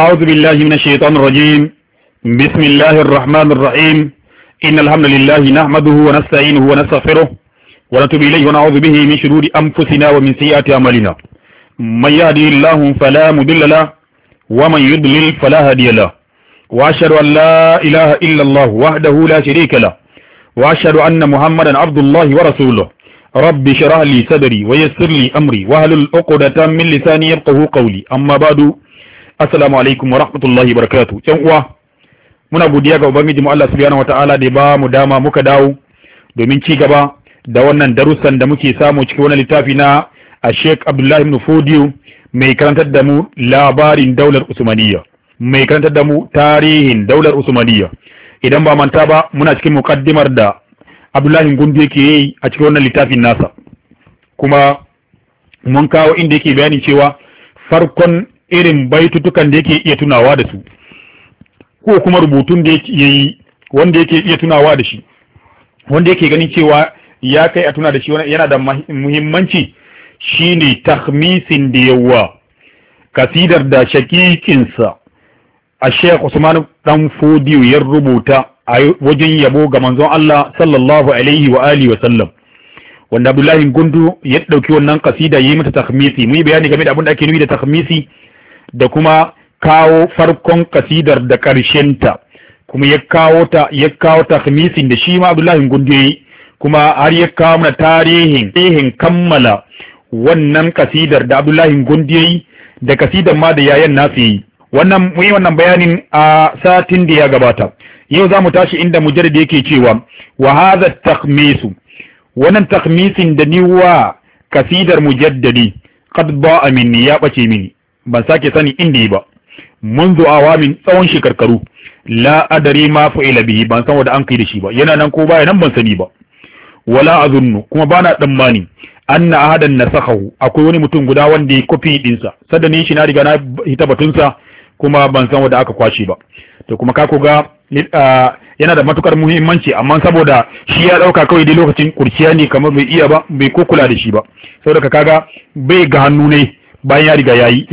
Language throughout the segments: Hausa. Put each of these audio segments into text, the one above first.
أعوذ بالله من الشيطان الرجيم بسم الله الرحمن الرحيم إن الحمد لله نحمده ونستعينه ونستغفره ونتوب إليه ونعوذ به من شرور أنفسنا ومن سيئات أعمالنا من يهدي الله فلا مضل له ومن يضلل فلا هادي له وأشهد أن لا إله إلا الله وحده لا شريك له وأشهد أن محمدا عبد الله ورسوله رب اشرح لي صدري ويسر لي أمري واهل عقدة من لساني يفقهوا قولي أما بعد assalamu alaikum wa rahmatullahi wa barakatu yan uwa muna godiya ga ubangiji mu Allah subhanahu ta'ala da ya ba mu dama muka dawo domin ci gaba da wannan darussan da muke samu cikin wannan littafi na a Sheikh Abdullahi ibn Fodiyo mai karantar da mu labarin daular Usmaniyya mai karantar da mu tarihin daular Usmaniyya idan ba manta ba muna cikin mukaddimar da Abdullahi Gundu yake yi a cikin wannan littafin nasa kuma mun kawo inda yake bayani cewa farkon irin baitutukan da yake iya tunawa da su ko kuma rubutun da yake yi wanda yake iya tunawa da shi wanda yake ganin cewa ya kai a tuna da shi yana da muhimmanci shine tahmisin da yawa kasidar da shakikinsa a Sheikh Usman dan Fodiyo ya rubuta a wajen yabo ga manzon Allah sallallahu alaihi wa alihi wa sallam wanda Abdullahi Gundu ya dauki wannan kasida yayi mata tahmisi mu yi bayani game da abin da ake nufi da tahmisi da kuma kawo farkon kasidar da ta kuma ya kawo ta ya kawo ta khamisin da shi ma Abdullahi Gundiyoyi kuma har ya kawo mana tarihin tarihin kammala wannan kasidar da Abdullahi Gundiyoyi da kasidar ma da yayan nasu yi wannan muyi wannan bayanin a satin da ya gabata yau zamu tashi inda mujarrid yake cewa wa hadha takhmisu wannan takhmisin da ni wa kasidar mujaddadi qad ba'a minni ya ɓace mini ban sake sani inda yi ba منذ awamin tsawon shekarkaru la adari ma fa'ila bihi ban san wanda an kai da shi ba yana nan ko baya nan ban sani ba wala azunnu kuma bana tsammani anna ahadan nasakhahu akwai wani mutum guda wanda ya kofi din sada ni shi na riga na hita batunsa kuma ban san wanda aka kwashe ba to kuma ka ga yana da matukar muhimmanci amma saboda shi ya dauka kawai da lokacin kurciya ne kamar bai iya ba bai ko kula da shi ba saboda kaga bai ga hannu ne bayan ya riga ya yi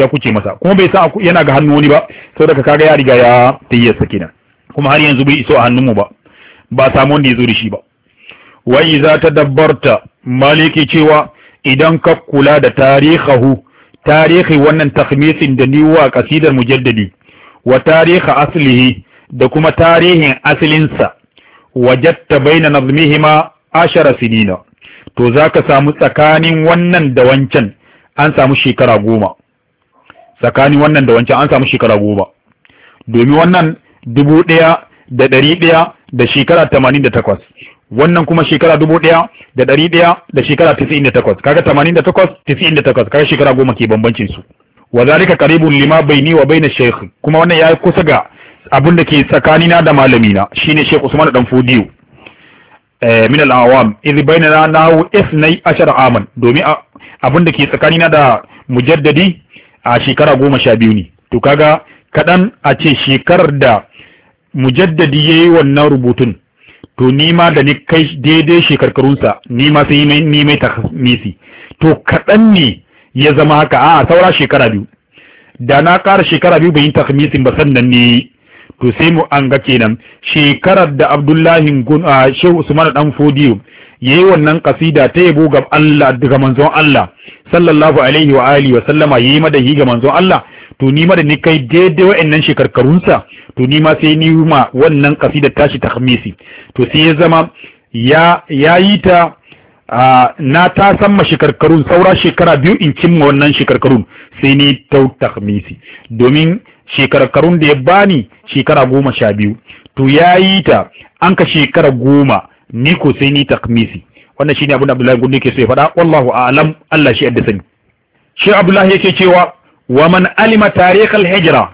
ya kuce masa kuma bai san yana ga hannu wani ba sau saboda kaga ya riga ya tayyarsa kenan kuma har yanzu bai iso a hannunmu ba ba samu wanda ya zo da shi ba wa iza dabbarta maliki cewa idan ka kula da tarihahu tarihi wannan takhmisin da ni wa kasidar mujaddadi wa tarihi aslihi da kuma tarihin asalinsa wajatta baina nazmihima ashara sinina to zaka samu tsakanin wannan da wancan an samu shekara goma tsakanin wannan da wancan an samu shekara goma domin wannan dubu ɗaya da ɗari ɗaya da shekara tamanin da takwas wannan kuma shekara dubu ɗaya da ɗari ɗaya da shekara tisa'in da takwas kaga tamanin da takwas tisa'in da takwas kaga shekara goma ke bambancin su wa zalika qaribun lima baini wa baina shaykh kuma wannan yayi kusa ga abin da ke tsakanina da malamina shine Sheikh Usman dan Fodiyo eh, min al-awam idh bainana nahu 12 aman domin abin da ke tsakanina da mujaddadi a shekara goma sha biyu ne to kaga kaɗan a ce shekarar da mujaddadi ya yi wannan rubutun to nima da ni kai daidai shekarkarunsa nima sai ni mai nisi to kaɗan ne ya zama haka a saura shekara biyu da na ƙara shekara biyu bai yi takmisin ba sannan ne to sai mu an ga kenan shekarar da abdullahi shehu usman dan fodiyo ya yi wannan kasida ta yabo ga Allah daga manzon Allah sallallahu alaihi wa alihi wa sallama yayi madahi ga manzon Allah to ni ma da ni kai daidai wa'annan sa to ni ma sai ni ma wannan kasidar tashi tahmisi to sai ya zama ya yayi ta na ta san ma shekarkarun saura shekara biyu in cimma wannan shekarkarun sai ni ta takhmisi domin shekarkarun da ya bani shekara goma sha biyu to yayi ta an ka shekara goma ni ko sai ni takmisi wannan shine abin Abdullahi Gunni ke so ya faɗa wallahu a'lam Allah shi yadda sani shi Abdullahi yake cewa wa man alima tarikh al-hijra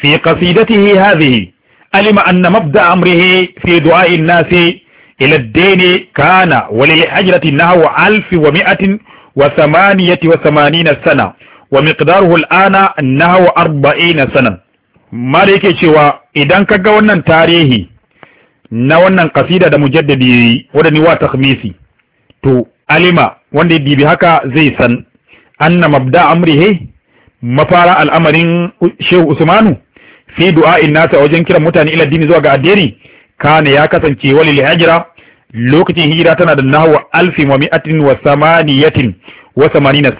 fi qasidatihi hadhihi alima anna mabda amrihi fi du'a an-nas ila ad-din kana wa lil hijrati nahwa 1188 sana wa miqdaruhu al-ana nahwa 40 sana mare yake cewa idan kaga wannan tarihi na wannan kasida da mujaddadi yayi wanda ni wa takhmisi to alima wanda ya dibi haka zai san anna mabda amrihi mafara al'amarin shehu usmanu fi du'a'in nasa wajen kiran mutane ila dini zuwa ga addini kana ya kasance walil hijra lokacin hijira tana da nahwa alfin wa mi'atin wa samaniyatin wa samanina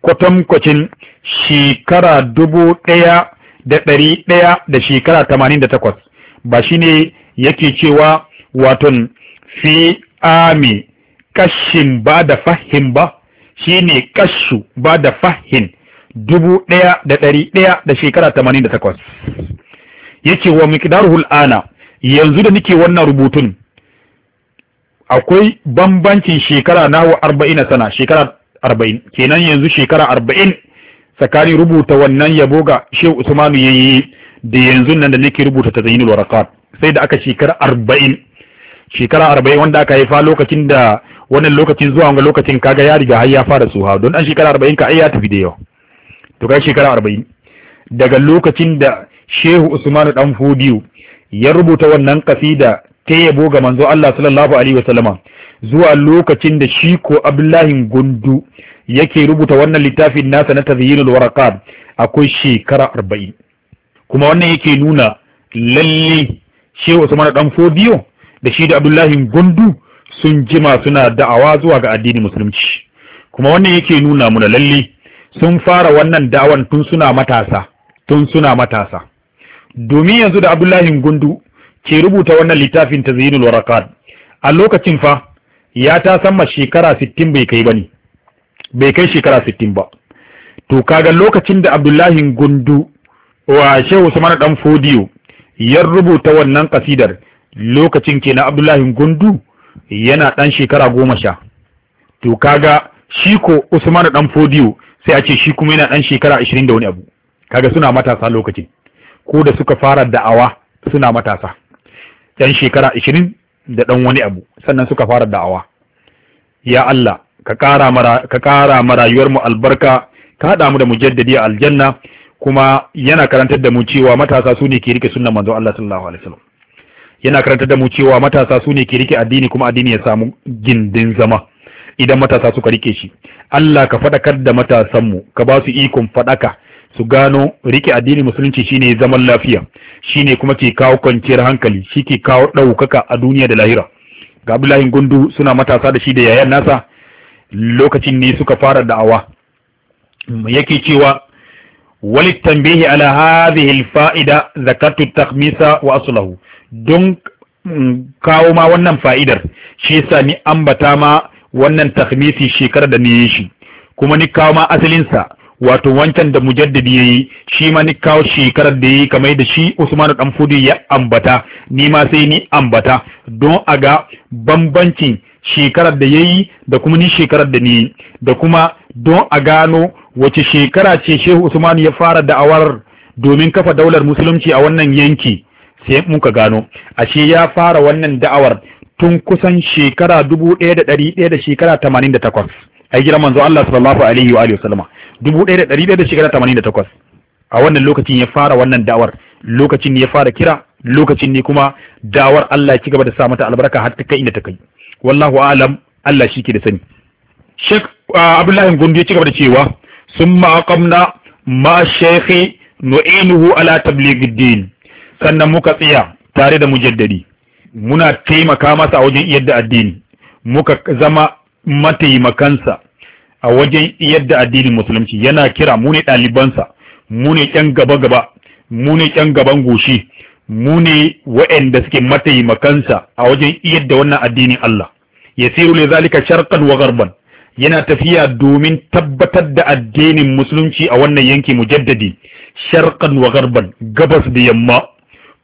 kwatankwacin shekara dubu ɗaya da ɗari ɗaya da shekara tamanin da takwas ba shi ne yake cewa waton fi ami kashin ba da fahim ba shine kashu ba da fahim dubu ɗaya da ɗari ɗaya da shekara tamanin da takwas yake wa mikidar Hul'ana, yanzu da nike wannan rubutun akwai bambancin shekara nawa arba'in sana shekara arba'in kenan yanzu shekara arba'in tsakanin rubuta wannan yabo ga shehu usmanu yayi da yanzu nan da nake rubuta ta zainul warakat sai da aka shekara arba'in shekara arba'in wanda aka haifa lokacin da wannan lokacin zuwa wanga lokacin kaga ya riga har ya fara su tsuha don an shekara arba'in ka ya tafi da yawa to kai shekara arba'in daga lokacin da shehu usman dan fodiyo ya rubuta wannan kasida ta yabo ga manzo Allah sallallahu alaihi wasallama zuwa lokacin da shi ko Abdullahi Gundu yake rubuta wannan littafin nasa na tazyinul warqat akwai shekara arba'in kuma wannan yake nuna lalle shehu usman dan fodiyo da shi da abdullahi gundu sun jima suna da'awa zuwa ga addinin musulunci kuma wannan yake nuna muna lalle sun fara wannan da'awan tun suna matasa tun suna matasa domin yanzu da abdullahi gundu ke rubuta wannan littafin ta tazyinul warakat a lokacin fa ya ta sama shekara 60 bai kai bane bai kai shekara 60 ba to kaga lokacin da abdullahi gundu wa shehu usman dan fodiyo ya rubuta wannan kasidar lokacin kenan Abdullahi Gundu yana ɗan shekara goma sha to kaga shi ko Usman ɗan Fodiyo sai a ce shi kuma yana ɗan shekara ashirin da wani abu kaga suna matasa lokacin ko da suka fara da'awa suna matasa ɗan shekara ashirin da ɗan wani abu sannan suka fara da'awa ya Allah ka ƙara marayuwar mu albarka ka haɗa mu da mujaddadi a aljanna kuma yana karantar da mu cewa matasa su ne ke rike sunnan manzon Allah sallallahu alaihi wasallam yana karantar da mu cewa matasa su ne ke rike addini kuma addini ya samu gindin zama idan matasa suka rike shi Allah ka faɗakar da matasan mu ka ba su ikon faɗaka su gano rike addinin musulunci shine zaman lafiya shine kuma ke kawo kwanciyar hankali shi ke kawo ɗaukaka a duniya da lahira ga Abdullahi Gundu suna matasa da shi da yayan nasa lokacin ne suka fara da'awa yake cewa Wali وللتنبيه على هذه الفائدة ذكرت التخميس وأصله دون kawo ma wannan fa'idar shi yasa ni ambata ma wannan takhmisi shekarar da ni kuma ni kawo ma asalinsa wato wancan da mujaddidi yayi shi ma ni kawo shekarar da yayi kamar da shi Usman ɗan Fudi ya ambata ni ma sai ni ambata don a ga bambancin shekarar da yayi da kuma ni shekarar da ni da kuma don a gano wace shekara ce shehu usman ya fara da'awar domin kafa daular musulunci a wannan yanki sai muka gano ashe ya fara wannan da'awar tun kusan shekara dubu ɗaya da ɗari ɗaya da shekara tamanin da takwas ai gidan manzo Allah sallallahu alaihi wa sallama dubu ɗaya da ɗari ɗaya da shekara tamanin da takwas a wannan lokacin ya fara wannan da'awar lokacin ya fara kira lokacin ne kuma da'awar Allah ya ci gaba da sa mata albarka har ta kai inda ta kai wallahu alam Allah shi ke da sani Sheikh ah, Abdullahi Gundu ya ci gaba da cewa Sun أقمنا ma الشيخ نعينه على تبليغ الدين sannan muka tsaya tare da mujaddadi muna taimaka masa a wajen yadda addini muka zama mataimakansa a wajen yadda addinin musulunci yana kira mune ɗalibansa mu ne ƴan gaba gaba mu ne ƴan gaban goshi mune ne suke mataimakansa a wajen yadda wannan addinin Allah yasiru li zalika sharqan wa gharban yana tafiya domin tabbatar da addinin musulunci a wannan yanki mujaddadi sharqan wa garban gabas da yamma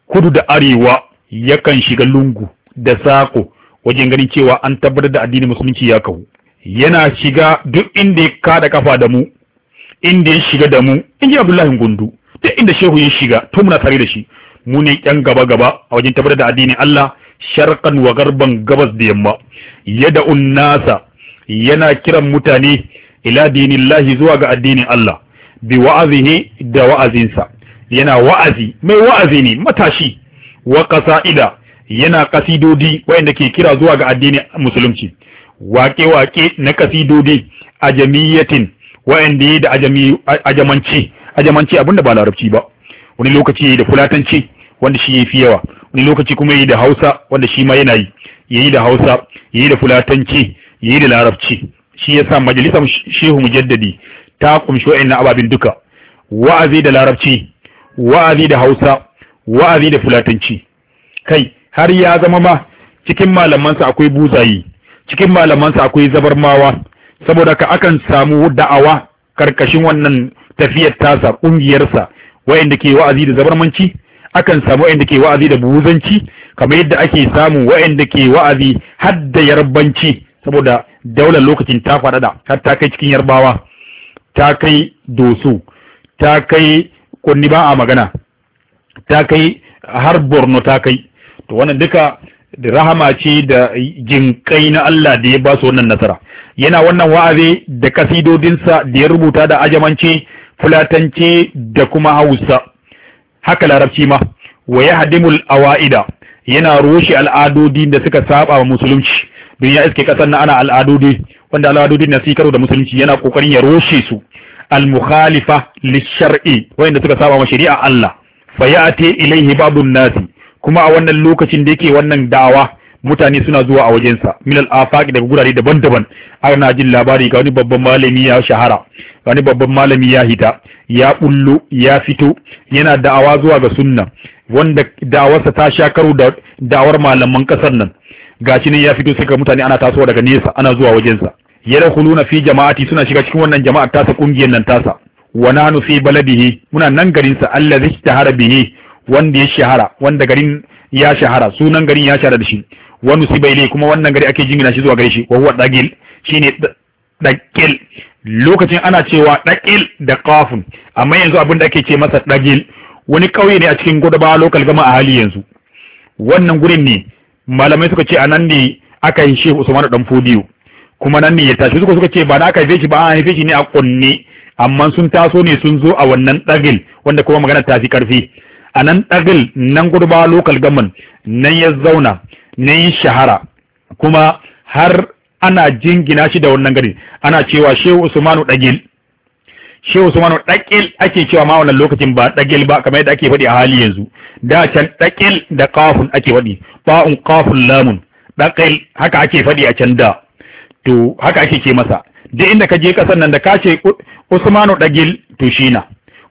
kudu da arewa yakan shiga lungu da sako wajen ganin cewa an tabbatar da addinin musulunci ya kawo yana shiga duk inda ya kada kafa da mu inda ya shiga da mu in abdullahi gundu duk inda shehu ya shiga to muna tare da shi mu ne yan gaba gaba a wajen tabbatar da addinin Allah sharqan wa garban gabas da yamma yada'un nasa yana kiran mutane ila dinillahi zuwa ga addinin Allah bi wa'azihi da wa'azinsa yana wa'azi mai wa'azi ne matashi wa qasa'ida yana kasidodi wanda ke kira zuwa ga addinin musulunci waƙe-waƙe na kasidodi a jamiyatin wayanda yi da ajamanci ajamanci abinda ba larabci ba wani lokaci da fulatanci wanda shi yafi yawa wani lokaci kuma yi da Hausa wanda shi ma yana yi yayi da Hausa yayi da fulatanci yi da larabci shi yasa majalisar shehu mujaddadi ta kumshi na ababin duka wa'azi da larabci wa'azi da hausa wa'azi da fulatanci kai har ya zama ma cikin malamansa akwai buzayi cikin malamansa akwai zabarmawa saboda ka akan samu da'awa karkashin wannan tafiyar tasa kungiyarsa Wa'inda ke wa'azi da zabarmanci akan samu wa'inda ke wa'azi da buzanci kamar yadda ake samu wa'inda ke wa'azi har da yarbanci saboda daular lokacin ta faɗaɗa har ta kai cikin yarbawa ta kai doso ta kai kunni ba a magana ta kai har borno ta kai to wannan duka da rahama ce da jinƙai na Allah da ya ba su wannan nasara yana wannan wa'azi da kasidodinsa da ya rubuta da ajamance fulatance da kuma hausa haka larabci ma wa hadimul awaida yana rushe al'adodi da suka saba wa musulunci don ya iske kasar na ana al'adodi wanda al'adodi na su karo da musulunci yana kokarin ya roshe su al-mukhalifa lishar'i wanda suka saba ma shari'a Allah fa ya'ti ilayhi babu nasi kuma a wannan lokacin da yake wannan da'awa mutane suna zuwa a wajensa min al-afaq daga gurare daban-daban ana jin labari ga wani babban malami ya shahara ga wani babban malami ya hita ya bullo ya fito yana da'awa zuwa ga sunna wanda da'awarsa ta sha karo da da'awar malaman kasar nan gashi ne ya fito sai mutane ana tasowa daga nesa ana zuwa wajensa na fi jama'ati suna shiga cikin wannan jama'ar tasa kungiyar nan tasa wa nanu fi baladihi muna nan garin sa allazi shahara bihi wanda ya shahara wanda garin ya shahara sunan garin ya shahara da shi wa nusiba ilai kuma wannan gari ake jingina shi zuwa gare shi wa huwa dagil shine dagil lokacin ana cewa dagil da qafun amma yanzu abin da ake ce masa dagil wani kauye ne a cikin gudaba lokal gama a hali yanzu wannan gurin ne malamai suka ce a nan ne aka yi shehu usman dan fodiyo kuma nan ne ya tashi suka suka ce ba na aka haife shi ba an haife shi ne a kunne amma sun taso ne sun zo a wannan dagil wanda kuma magana ta fi karfi a nan dagil nan gurba local government nan ya zauna nan shahara kuma har ana jingina shi da wannan gari ana cewa shehu usmanu dagil shi Usman dakil ake cewa ma wannan lokacin ba dakil ba kamar yadda ake faɗi a hali yanzu da can dakil da qafun ake faɗi ba'un qafun lamun dakil haka ake faɗi a can da to haka ake ce masa Da inda ka je kasan nan da ka ce Usmanu dakil to shina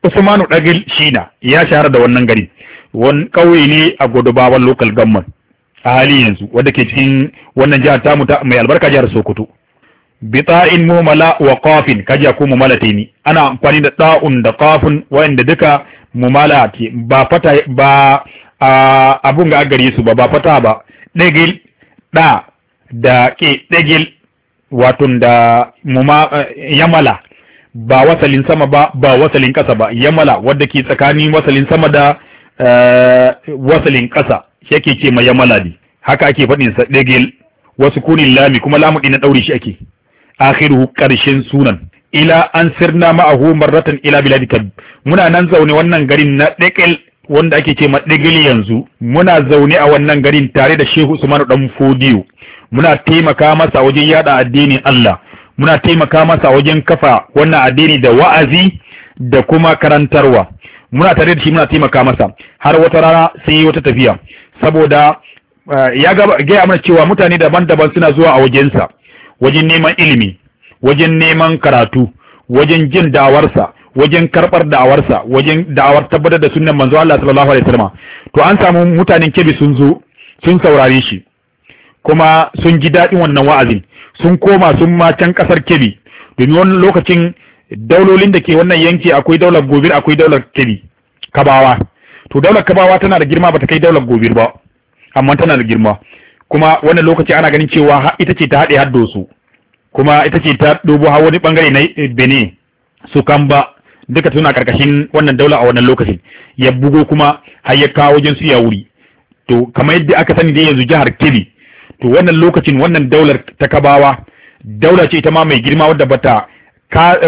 Usmanu dakil shina ya shahara da wannan gari wani kauye ne a Godobawan local government a hali yanzu wanda ke cikin wannan jihar tamu ta mai albarka jihar Sokoto bita'in mumala wa qafin kaji ku ni ana amfani da da'un da qafun da duka mumala ce ba fata ba abun ga gare su ba ba fata ba dagil da da ke dagil wato da muma eh, yamala ba wasalin sama ba ba wasalin kasa ba yamala wadda ke tsakanin wasalin sama da eh, wasalin kasa yake ce ma yamala ne haka ake faɗin sa dagil wasu kunin lami kuma lamu ɗin na ɗaure shi ake akhiru karshen sunan ila an sirna ma ahu marratan ila biladi tab muna nan zaune wannan garin na dekel wanda ake ce maɗigil yanzu muna zaune a wannan garin tare da Shehu Usman dan Fodiyo muna taimaka masa wajen yada addinin Allah muna taimaka masa wajen kafa wannan addini da wa'azi da kuma karantarwa muna tare da shi muna taimaka masa har wata rana sai wata tafiya saboda eh, ya ga mana cewa mutane daban-daban suna zuwa a wajensa wajen neman ilimi wajen neman karatu wajen jin da'awarsa wajen karɓar da'awarsa wajen da'awar tabbatar da sunnan manzo Allah sallallahu alaihi wasallam to an samu mutanen kebi sun zo sun saurare shi kuma sun ji daɗin wannan wa'azin sun koma sun ma can ƙasar kebi domin wani lokacin daulolin da ke wannan yanki akwai daular gobir akwai daular kebi kabawa to daular kabawa tana da girma bata kai daular gobir ba amma tana da girma kuma wannan lokaci ana ganin cewa ita ce ta haɗe haddo su kuma ita ce ta dobo har wani bangare na eh, Benin su Kamba duka suna karkashin wannan daula a wannan lokacin ya bugo kuma har ya kawo wajen su ya wuri to kamar yadda aka sani da yanzu jihar Kebbi to wannan lokacin wannan daular ta Kabawa daula ce ita ma mai girma wadda bata ta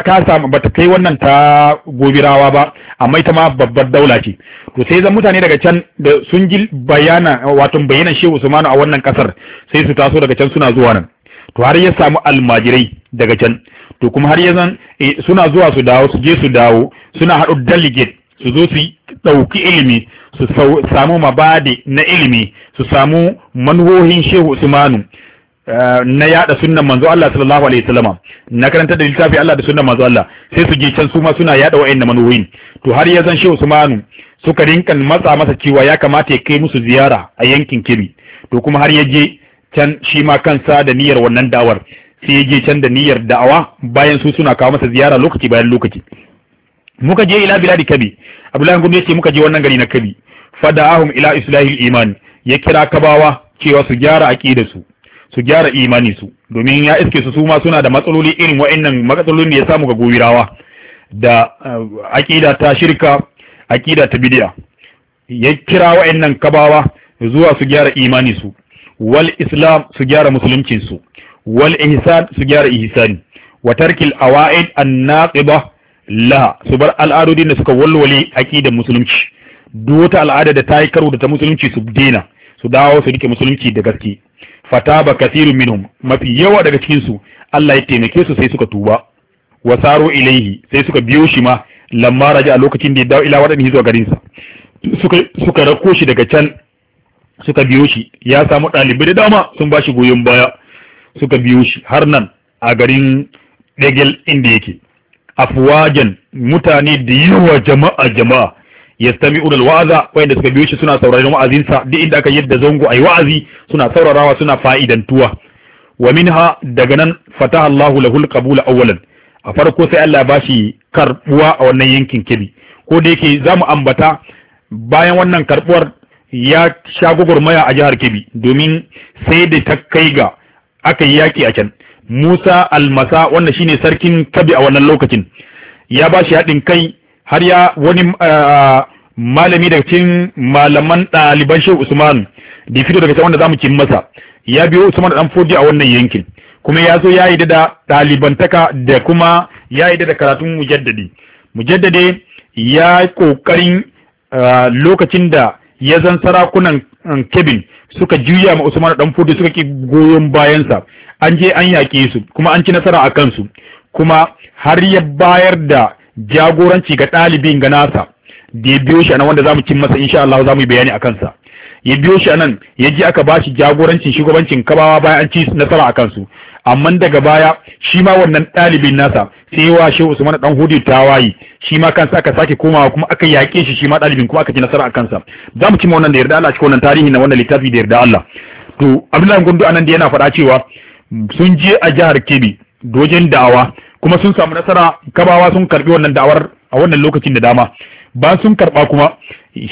kasa ba ta kai wannan ta gobirawa ba amma ita ma babbar daula ce to sai zan mutane daga can da sun ji bayana wato bayanan shehu usmanu a wannan kasar sai su taso daga can suna zuwa nan to har ya samu almajirai daga can to kuma har ya zan eh, suna zuwa su dawo su je su dawo suna haɗu delegate su zo su ɗauki ilimi su samu mabadi na ilimi su samu manwohin shehu usmanu na yada sunnan manzo Allah sallallahu alaihi wasallam na karanta da littafi Allah da sunnan manzo Allah sai su je can su ma suna yada wa'annan manuwoyin to har ya zan shi Usmanu suka rinkan matsa masa cewa ya kamata ya kai musu ziyara a yankin Kebbi to kuma har ya je can shi ma kansa da niyyar wannan dawar sai ya je can da niyyar da'awa bayan su suna kawo masa ziyara lokaci bayan lokaci muka je ila biladi kabi abdullahi gumi yace muka je wannan gari na kabi fada'ahum ila islahil iman ya kira kabawa cewa su gyara aqidar su su gyara imani su domin ya iske su suma suna da matsaloli irin wa'annan matsalolin da ya samu ga gowirawa da eh, aqida ta shirka aƙida ta bidiya ya kira wa'annan kabawa zuwa su gyara imani su wal islam su gyara musulunci su wal ihsan su gyara ihsani wa tarkil awaid an-naqiba la su bar al'adodin da suka walwale aƙidan musulunci duk wata al'ada da ta yi karo da ta musulunci su dena su dawo su rike musulunci da gaske fataba kathirun minhum mafi yawa daga cikin su Allah ya taimake su sai suka tuba wasaro ilaihi sai suka biyo shi ma lamma raja a lokacin da ya dawo ila wadannan zuwa garin sa suka suka rako shi daga can suka biyo shi ya samu ɗalibai da dama sun ba shi goyon baya suka biyo shi har nan a garin degel inda yake afwajan mutane da yawa jama'a jama'a yastami'una wa'aza, wanda suka biyo shi suna sauraron wa'azinsa duk inda aka yadda zango ai wa'azi suna saurarawa suna fa'idantuwa wa minha daga nan fataha Allahu lahul qabula awwalan a farko sai Allah ya bashi karbuwa a wannan yankin kibi ko da yake zamu ambata bayan wannan karbuwar ya sha gwagwarmaya a jihar Kebbi domin sai da ta kai ga aka yi yaki a can Musa Almasa wanda shine sarkin Kabi a wannan lokacin ya bashi haɗin kai har ya wani malami daga cikin malaman ɗaliban shehu usman da fito daga can wanda za mu kin masa ya biyo usman da dan fodi a wannan yankin kuma ya zo ya yi da ɗalibantaka da kuma ya yi da karatun mujaddadi mujaddadi ya yi ƙoƙarin lokacin da ya zan sarakunan kebin suka juya ma usman da dan fodi suka ki goyon bayansa an je an yaƙe su kuma an ci nasara a kansu kuma har ya bayar da jagoranci ga ɗalibin ga nasa da ya biyo shi a nan wanda zamu cin masa insha Allah zamu yi bayani a kansa ya biyo shi a nan ya ji aka bashi jagorancin shugabancin kabawa bayan an ci nasara a kansu amma daga baya shi ma wannan ɗalibin nasa sai wa shehu usman dan hudu tawayi shi ma kansa aka sake komawa kuma aka yaƙe shi shi ma ɗalibin kuma aka ci nasara a kansa zamu cin wannan da yarda Allah cikin wannan tarihi na wannan littafi da yarda Allah to Abdullahi Gundu anan da yana faɗa cewa sun je a jihar Kebbi dojen da'awa kuma sun samu nasara kabawa sun karbi wannan da'awar a wannan lokacin da dama ba sun karba kuma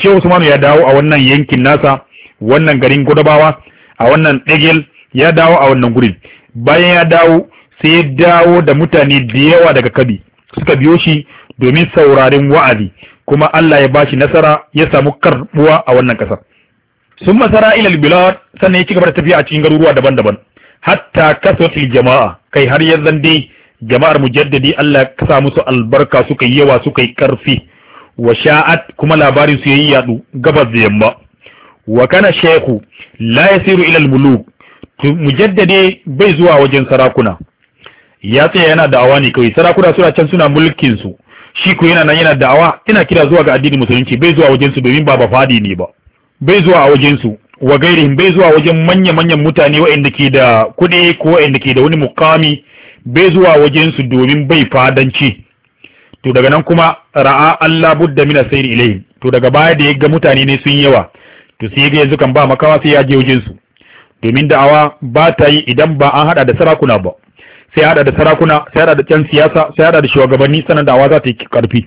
shehu usmanu ya dawo a wannan yankin nasa wannan garin gudabawa a wannan egel ya dawo a wannan gurin bayan ya dawo sai ya dawo da mutane da yawa daga kabi suka biyo shi domin sauraren wa'azi kuma Allah ya bashi nasara ya samu karbuwa a wannan kasar sun masara ilal bilad sannan ya ci gaba da tafiya a cikin garuruwa daban-daban hatta kasatil jama'a kai har yanzu dai jama'ar mujaddadi Allah ya sa musu albarka suka yi yawa suka yi karfi wa sha'at kuma labarin su yayi yadu gabas da yamma wa kana shaykhu la yasiru ila almuluk mujaddadi bai zuwa wajen sarakuna ya tsaya yana da'awa ne kawai sarakuna suna can suna mulkin su shi ko yana nan yana da'awa ina kira zuwa ga addinin musulunci bai zuwa wajen su domin ba ba fadi ne ba bai zuwa a wajen su wa gairihim bai zuwa wajen manya-manyan mutane waɗanda ke da kuɗi ko waɗanda ke da wani mukami bai zuwa wajensu domin bai fadanci to daga nan kuma ra'a Allah budda mina sayri ilayhi to daga baya da ya ga mutane ne sun yawa to sai ga yanzu kan ba makawa sai ya je wajensu domin da'awa ba ta yi idan ba an hada da sarakuna ba sai hada da sarakuna sai hada da can siyasa sai hada da shugabanni sanan da'awa za ta yi karfi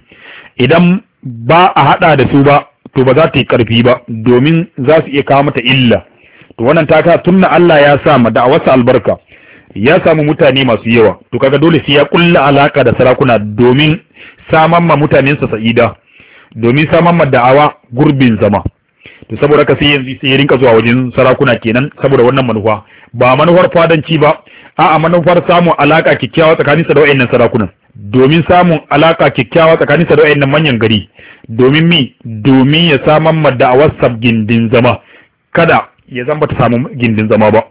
idan ba a hada da su ba to ba za ta yi karfi ba domin za su iya kawo mata illa to wannan ta tunna Allah ya sa ma da'awarsa albarka ya samu mutane masu yawa to kaga dole sai ya kulla alaka da sarakuna domin saman ma mutanensa sa'ida domin saman ma da'awa gurbin zama to saboda ka sai yanzu sai rinka zuwa wajen sarakuna kenan saboda wannan manufa ba manufar fadanci ba a'a manufar samun alaka kikkiawa tsakaninsa da wayannan sarakunan domin samun alaka kikkiawa tsakaninsa da wayannan manyan gari domin mi domin ya saman ma da'awar gindin zama kada ya zamba ta samu gindin zama ba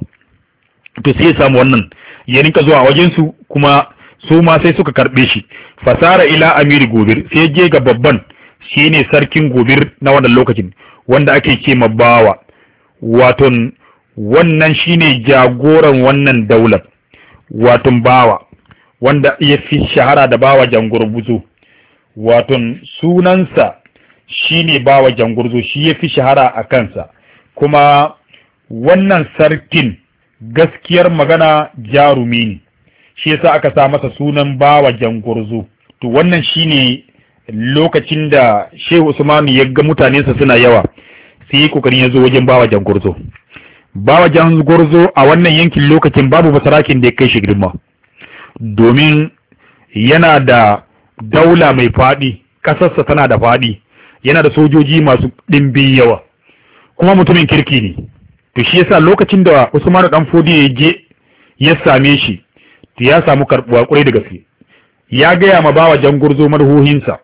to sai ya samu wannan ya rinka zuwa wajensu kuma su ma sai suka karɓe shi fasara ila amiri gobir sai je ga babban shine sarkin gobir na wannan lokacin wanda ake ce mabawa waton wannan shine jagoran wannan daular waton bawa wanda ya fi shahara da bawa jangurbuzo waton sunansa shine bawa jangurzo shi ya fi shahara a kansa kuma wannan sarkin gaskiyar magana jarumi ne shi yasa aka sa masa sunan bawa jangurzu to wannan shine lokacin da Shehu Usmanu ya ga mutane sa suna yawa sai yi kokarin ya zo wajen bawa jangurzu bawa jangurzu a wannan yankin lokacin babu basarakin da ya kai shi girma domin yana da daula mai faɗi ƙasarsa tana da faɗi yana da sojoji masu ɗimbin yawa kuma mutumin kirki ne to shi yasa lokacin da Usman dan Fodi ya je ya same shi to ya samu karbuwa kurai da gaske ya gaya ma bawa jangurzo marhuhinsa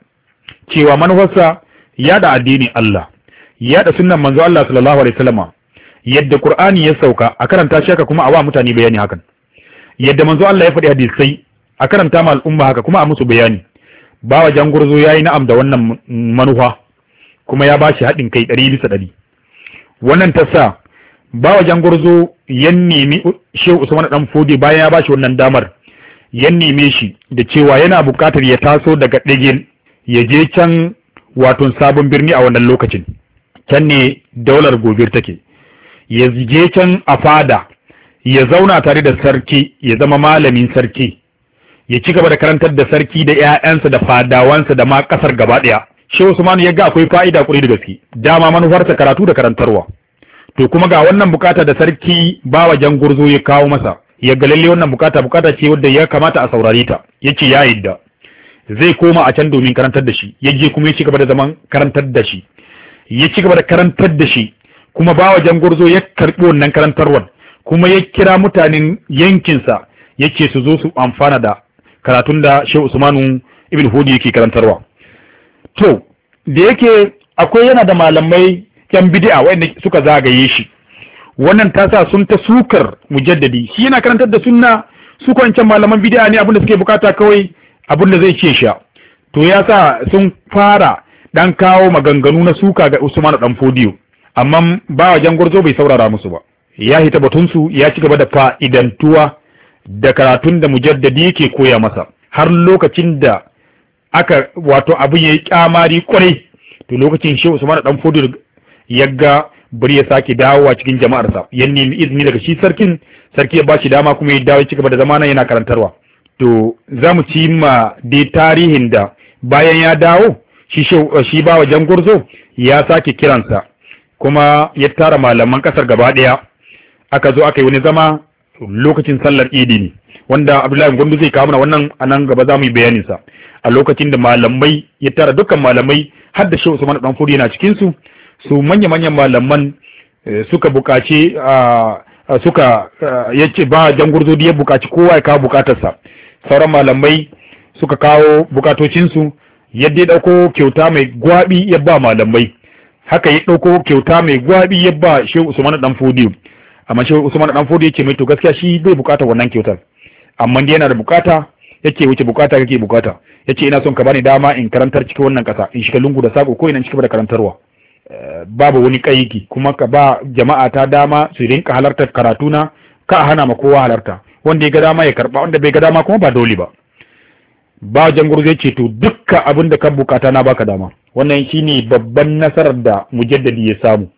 cewa manufarsa ya da addini Allah ya da sunnan manzo Allah sallallahu alaihi wasallama yadda Qur'ani ya sauka a karanta shi haka kuma a wa mutane bayani hakan yadda manzo Allah ya faɗi hadisai a karanta ma al'umma haka kuma a musu bayani bawa jangurzo yayi na'am da wannan manufa kuma ya bashi haɗin kai ɗari bisa ɗari wannan ta sa Ba wajen gurzo ya nemi shehu usman dan fodi bayan ya bashi wannan damar ya neme shi da cewa yana bukatar ya taso daga ɗage. ya je can wato sabon birni a wannan lokacin can ne daular gobir take ya je can a fada ya zauna tare da sarki ya zama malamin sarki ya ci gaba da karantar da sarki da 'ya'yansa da fadawansa da ma ƙasar gaba ɗaya shehu usman ya ga akwai fa'ida ƙuri da gaske dama manufarsa karatu da karantarwa to kuma ga wannan bukata da sarki bawa jangurzo ya kawo masa ya ga lalle wannan bukata bukata ce wadda ya kamata a saurare ta yace ya yadda zai koma a can domin karantar da shi ya je kuma ya ci gaba da zaman karantar da shi ya ci gaba da karantar da shi kuma bawa jangurzo ya karbi wannan karantarwar kuma ya kira mutanen yankinsa yace su zo su amfana da karatun da Shehu Usmanu Ibn Hudi yake karantarwa to da yake akwai yana da malamai yan bid'a wanda suka zagaye shi wannan ta sa sun ta sukar mujaddadi shi yana karantar da sunna su kwancan malaman bid'a ne abinda suke bukata kawai abinda zai ce sha to ya sa sun fara ɗan kawo maganganu na suka ga Usman dan Fodiyo amma ba wajen gwarzo bai saurara musu ba ya hita batunsu ya ci gaba da fa'idantuwa da karatun da mujaddadi yake koya masa har lokacin da aka wato abu ya yi kyamari kwarai to lokacin shehu usman dan fodiyo yagga bari ya sake dawo a cikin jama'arsa ya nemi izini daga shi sarkin sarki ya bashi dama kuma ya dawo ci gaba da zamana yana karantarwa to za mu ci ma dai tarihin da bayan ya dawo shi shi bawa jangurzo ya sake kiransa kuma ya tara malaman kasar gaba daya aka zo aka yi wani zama lokacin sallar idi ne wanda abdullahi Gundu zai kawo mana wannan a nan gaba za mu yi bayaninsa a lokacin da malamai ya tara dukkan malamai har da shehu usman dan furi yana cikin su su manya-manyan malaman eh, suka bukaci suka ya ce ba jangurzo ya bukaci kowa ya kawo bukatarsa sauran malamai suka kawo bukatocinsu yadda ya ɗauko kyauta mai gwabi ya ba malamai haka ya ɗauko kyauta mai gwabi ya ba shehu usman dan fodiyo amma shehu usman dan fodiyo ce mai to gaskiya shi bai bukata wannan kyautar amma dai yana da bukata yake wuce bukata kake bukata yace ina son ka bani dama in karantar cikin wannan kasa in shiga lungu da sako ko ina cikin da karantarwa babu wani kayiki kuma ka ba jama'a ta dama su rinka halartar karatuna ka a hana ma kowa halarta wanda ya ga dama ya karba wanda bai ga dama kuma ba dole ba ba jangur zai ce to dukka abin da ka bukata na baka dama wannan shine babban nasarar da mujaddadi ya samu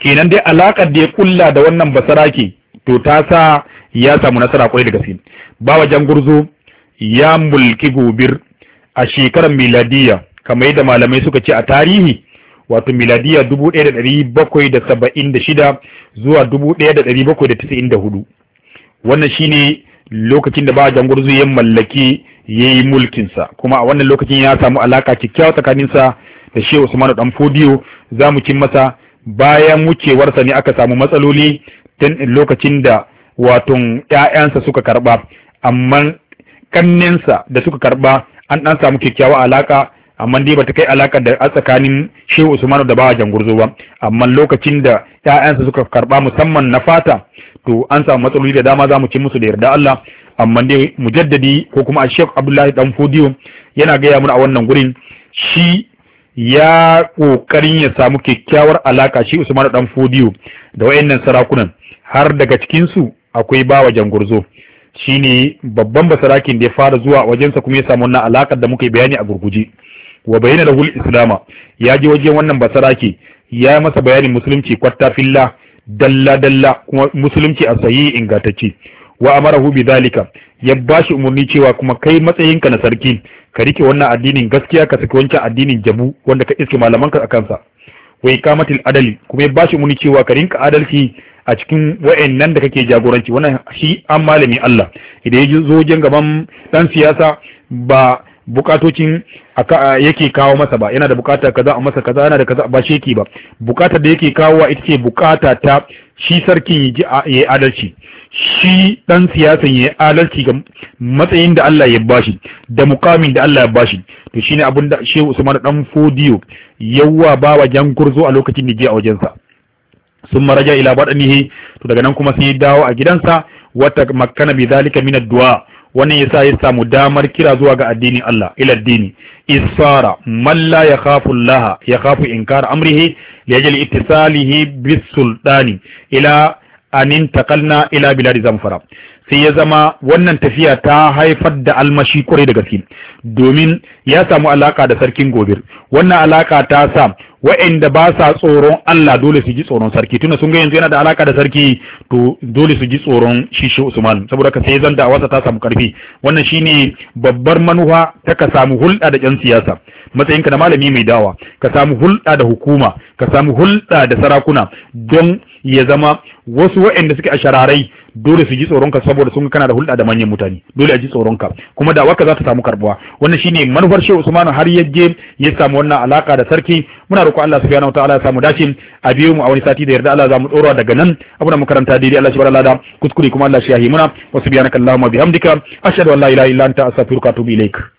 kenan dai alakar da ya kulla da wannan basara ke to ta sa ya samu nasara kwai da gaske bawa jangurzo ya mulki gobir a shekarar miladiya kamar yadda malamai suka ce a tarihi wato miladiya dubu ɗaya da da da ɗari bakwai saba'in shida zuwa dubu ɗaya da da da ɗari bakwai tisa'in hudu. wannan shine lokacin da ba a jangurzu ya mallaki ya yi mulkinsa kuma a wannan lokacin ya samu alaka kyakkyawa tsakaninsa da shehu usman dan fodiyo za mu cin masa bayan wucewarsa ne aka samu matsaloli tun lokacin da waton ƴaƴansa suka karba amma kanninsa da suka karɓa an dan samu kyakkyawa alaka amma dai bata kai alaka da a tsakanin shehu usmanu da bawa jangurzo ba amma lokacin da ƴaƴansa suka karɓa musamman na fata to an samu matsaloli da dama za mu ci musu da yarda Allah amma dai mujaddadi ko kuma a Sheikh Abdullahi dan Fodiyo yana gaya mana a wannan gurin shi ya kokarin ya samu kyakkyawar alaka shi Usman dan Fodiyo da wayannan sarakunan har daga cikin su akwai bawa jangurzo shine babban basarakin da ya fara zuwa wajensa kuma ya samu wannan alakar da muka bayani a gurguje wa bayyana lahul islama ya je wajen wannan basarake ya masa bayanin musulunci kwatta filla dalla dalla kuma musulunci a sayi ingantacce wa amarahu dalika ya bashi umarni cewa kuma kai matsayinka na sarki ka rike wannan addinin gaskiya ka saki wancan addinin jabu wanda ka iske malamanka a kansa wa ikamatil adali kuma ya bashi umarni cewa ka rinka adalci a cikin wa'annan da kake jagoranci wannan shi an malami Allah idan ya zo gaban dan siyasa ba bukatocin yake kawo masa ba yana da bukata kaza a masa kaza yana da kaza ba sheki yake ba bukatar da yake kawo ita ce bukata ta shi sarkin ya yi adalci shi dan siyasan ya yi adalci ga matsayin da Allah ya bashi da mukamin da Allah ya bashi to shine abin da Shehu Usman dan Fodiyo yawa wa jankurzo a lokacin da je a wajensa sun maraja ila badanihi to daga nan kuma sai dawo a gidansa wata makana bi zalika min addu'a wannan yasa ya samu damar kira zuwa ga addinin Allah ila dini isfara man la yakhafu Allah yakhafu inkar amrihi li ajli ittisalihi bis sultani ila anin takalna ila biladi zamfara sai ya zama wannan tafiya ta haifar da almashi kwarai da gaske domin ya samu alaka da sarkin gobir wannan alaka ta sa wa'inda ba sa tsoron Allah dole su ji tsoron sarki tuna sun ga yanzu yana da alaka da sarki to dole su ji tsoron shi Usman saboda ka sai zan wasa ta samu karfi wannan shine babbar manufa ta ka samu hulɗa da yan siyasa matsayinka na malami mai dawa ka samu hulɗa da hukuma ka samu hulɗa da sarakuna don ya zama wasu waɗanda suke a shararai dole su ji tsoronka saboda sun kana da hulɗa da manyan mutane dole a ji tsoronka kuma da waka za ta samu karbuwa wannan shine manufar Shehu Usman har ya je ya samu wannan alaka da sarki muna roƙo Allah subhanahu ta'ala ya samu dace a biyo mu a wani sati da yarda Allah za mu dora daga nan abu da makaranta daidai Allah shi bar lada kuskure kuma Allah shi yahi muna wa subhanakallahumma bihamdika ashhadu an la ilaha illa anta astaghfiruka wa atubu ilaik